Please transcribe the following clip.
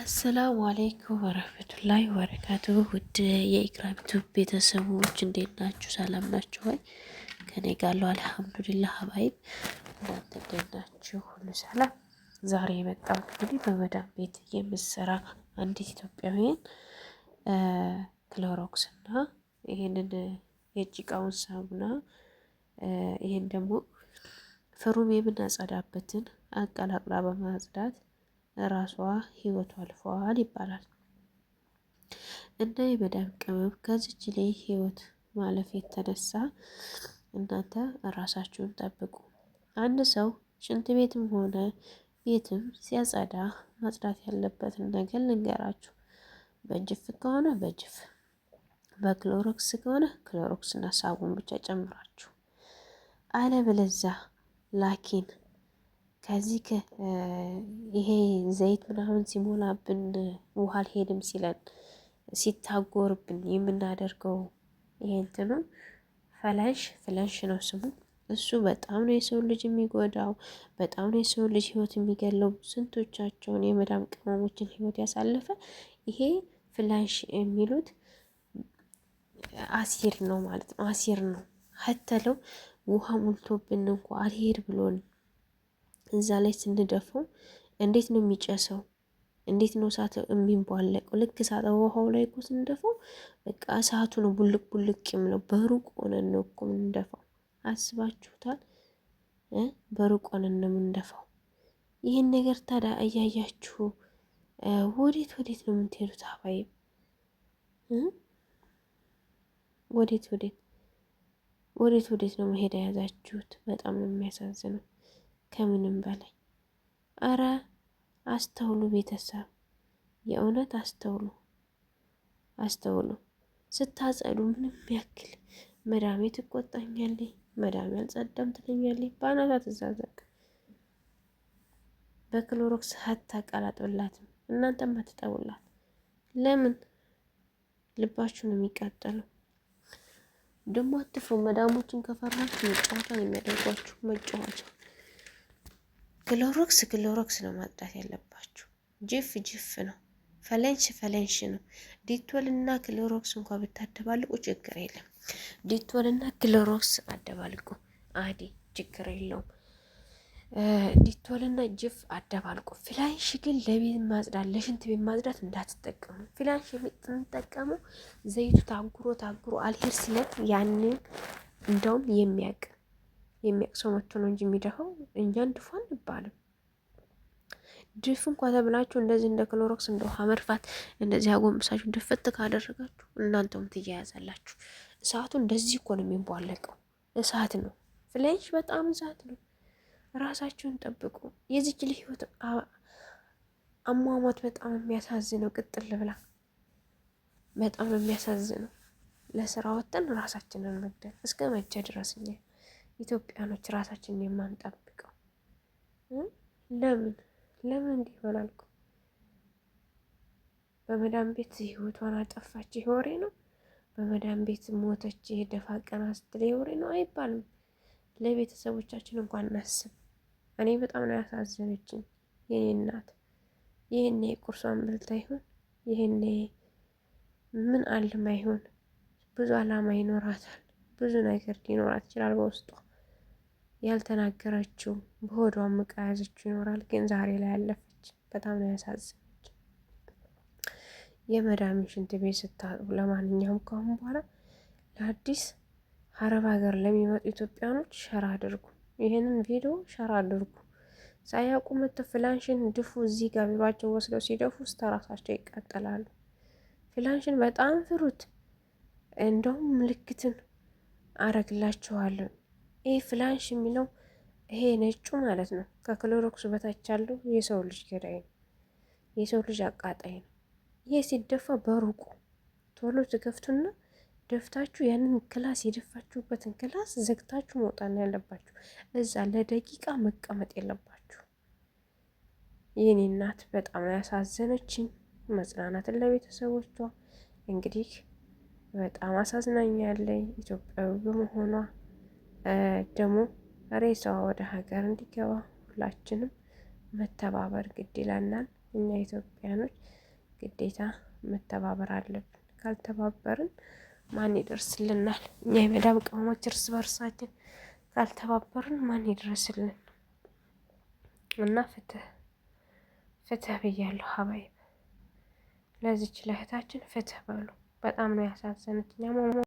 አሰላሙ አሌይኩም ወረህመቱላሂ ወበረካቱ። ውድ የኢክራሚቱ ቤተሰቦች እንዴት ናችሁ? ሰላም ናችሁ ወይ? ከኔ ጋለው አልሐምዱሊላህ። ሀባይብ እናንተ እንዴት ናችሁ? ሁሉ ሰላም። ዛሬ የመጣው እንግዲህ በመዳም ቤት የምሰራ አንዲት ኢትዮጵያውያን ክሎሮክስ እና ይህንን የጭቃውን ሳሙና ይህን ደግሞ ፍሩም የምናጸዳበትን አቀላቅላ በማጽዳት ራሷ ህይወቱ አልፏል ይባላል። እና የመዳም ቅመም ከዚች ላይ ህይወት ማለፍ የተነሳ እናንተ ራሳችሁን ጠብቁ። አንድ ሰው ሽንት ቤትም ሆነ ቤትም ሲያጸዳ ማጽዳት ያለበትን ነገር ልንገራችሁ። በጅፍ ከሆነ በጅፍ በክሎሮክስ ከሆነ ክሎሮክስ እና ሳቡን ብቻ ጨምራችሁ፣ አለበለዛ ላኪን ከዚህ ይሄ ዘይት ምናምን ሲሞላብን ውሃ አልሄድም ሲለን ሲታጎርብን የምናደርገው ይሄ እንትኑ ፈላሽ ፍለሽ ነው ስሙ። እሱ በጣም ነው የሰው ልጅ የሚጎዳው፣ በጣም ነው የሰው ልጅ ህይወት የሚገለው። ስንቶቻቸውን የመዳም ቅመሞችን ህይወት ያሳለፈ ይሄ ፍላሽ የሚሉት አሲር ነው ማለት ነው። አሲር ነው ከተለው ውሃ ሞልቶብን እንኳ አልሄድ ብሎን እዛ ላይ ስንደፈው እንዴት ነው የሚጨሰው? እንዴት ነው እሳት የሚንቧለቀው? ልክ እሳት ውሃው ላይ እኮ ስንደፋው በቃ እሳቱ ነው ቡልቅ ቡልቅ የምለው። በሩቅ ሆነን ነው እኮ የምንደፋው። አስባችሁታል? በሩቅ ሆነን ነው የምንደፋው። ይህን ነገር ታዲያ እያያችሁ ወዴት ወዴት ነው የምትሄዱት? አባይ ወዴት ወዴት ወዴት ወዴት ነው መሄድ የያዛችሁት? በጣም ነው የሚያሳዝነው ከምንም በላይ እረ አስተውሉ ቤተሰብ፣ የእውነት አስተውሉ አስተውሉ። ስታጸዱ ምንም ያክል መዳሜ ትቆጣኛለች፣ መዳሜ አልጸዳም ትለኛለች፣ በአናታ ትዛዘቅ በክሎሮክስ ሀታ ቃላጥብላትም እናንተም አትጠቡላት። ለምን ልባችሁን የሚቃጠሉ ደግሞ አትፍሩ። መዳሞችን ከፈራችሁ መጫወቷን የሚያደርጓችሁ መጫወቻ ክሎሮክስ ክሎሮክስ ነው ማጽዳት ያለባችሁ። ጅፍ ጅፍ ነው፣ ፈለንሽ ፈለንሽ ነው። ዲቶል እና ክሎሮክስ እንኳ ብታደባልቁ ችግር የለም። ዲቶል እና ክሎሮክስ አደባልቁ፣ አዲ ችግር የለውም። ዲቶል እና ጅፍ አደባልቁ። ፍላንሽ ግን ለቤት ማጽዳት፣ ለሽንት ቤት ማጽዳት እንዳትጠቀሙ። ፍላንሽ የምትጠቀሙ ዘይቱ ታጉሮ ታጉሮ አልሄድ ስለት ያንን እንደውም የሚያቅ የሚያቅሰው መቶ ነው እንጂ የሚደፋው እኛን ድፉ አንባልም። ድፍ እንኳ ተብላችሁ እንደዚህ እንደ ክሎሮክስ እንደ ውሃ መድፋት እንደዚህ አጎንብሳችሁ ድፍት ካደረጋችሁ እናንተውም ትያያዛላችሁ። እሳቱ እንደዚህ እኮ ነው የሚቧለቀው። እሳት ነው ፍሌሽ፣ በጣም እሳት ነው። ራሳችሁን ጠብቁ። የዚች ልጅ ህይወት አሟሟት በጣም የሚያሳዝነው፣ ቅጥል ብላ በጣም የሚያሳዝነው። ለስራ ወጥተን ራሳችንን መግደል እስከ መቼ ድረስ እኛ ኢትዮጵያኖች ራሳችንን የማንጠብቀው ለምን ለምን እንዲህ ይሆናል በመዳን ቤት ህይወቷን አጠፋች ወሬ ነው። በመዳን ቤት ሞተች ደፋ ቀና ስትል ወሬ ነው አይባልም። ለቤተሰቦቻችን እንኳን እናስብ። እኔ በጣም ነው ያሳዘነችኝ የኔ እናት። ይህኔ ቁርሷን በልታ ይሆን? ይህኔ ምን አልማ ይሆን? ብዙ አላማ ይኖራታል። ብዙ ነገር ሊኖራት ይችላል በውስጧ ያልተናገረችው በሆዷ ዕቃ ያዘችው ይኖራል። ግን ዛሬ ላይ ያለፈች በጣም ነው ያሳዘነች። የመዳሚ ሽንት ቤት ስታጥቡ፣ ለማንኛውም ከአሁን በኋላ ለአዲስ አረብ ሀገር ለሚመጡ ኢትዮጵያኖች ሸራ አድርጉ፣ ይህንን ቪዲዮ ሸራ አድርጉ። ሳያውቁ መጥተው ፍላንሽን ድፉ እዚህ ጋር ቢሏቸው ወስደው ሲደፉ ውስጥ ራሳቸው ይቃጠላሉ። ፍላንሽን በጣም ፍሩት። እንደውም ምልክትን አረግላችኋለሁ ይህ ፍላሽ የሚለው ይሄ ነጩ ማለት ነው። ከክሎሮክስ በታች ያለው የሰው ልጅ ገዳይ ነው። የሰው ልጅ አቃጣይ ነው። ይሄ ሲደፋ በሩቁ ቶሎ ትከፍቱና ደፍታችሁ ያንን ክላስ የደፋችሁበትን ክላስ ዘግታችሁ መውጣት ነው ያለባችሁ። እዛ ለደቂቃ መቀመጥ የለባችሁ። የኔ እናት በጣም ያሳዘነችኝ። መጽናናትን ለቤተሰቦቿ እንግዲህ በጣም አሳዝናኛለች ኢትዮጵያዊ በመሆኗ ደግሞ ሬሳዋ ወደ ሀገር እንዲገባ ሁላችንም መተባበር ግድ ይለናል። እኛ ኢትዮጵያኖች ግዴታ መተባበር አለብን። ካልተባበርን ማን ይደርስልናል? እኛ የመዳም ቅመሞች እርስ በርሳችን ካልተባበርን ማን ይደርስልን? እና ፍትህ ፍትህ ብያለሁ ሀባይ ለዚች ለእህታችን ፍትህ በሉ። በጣም ነው ያሳዘነች።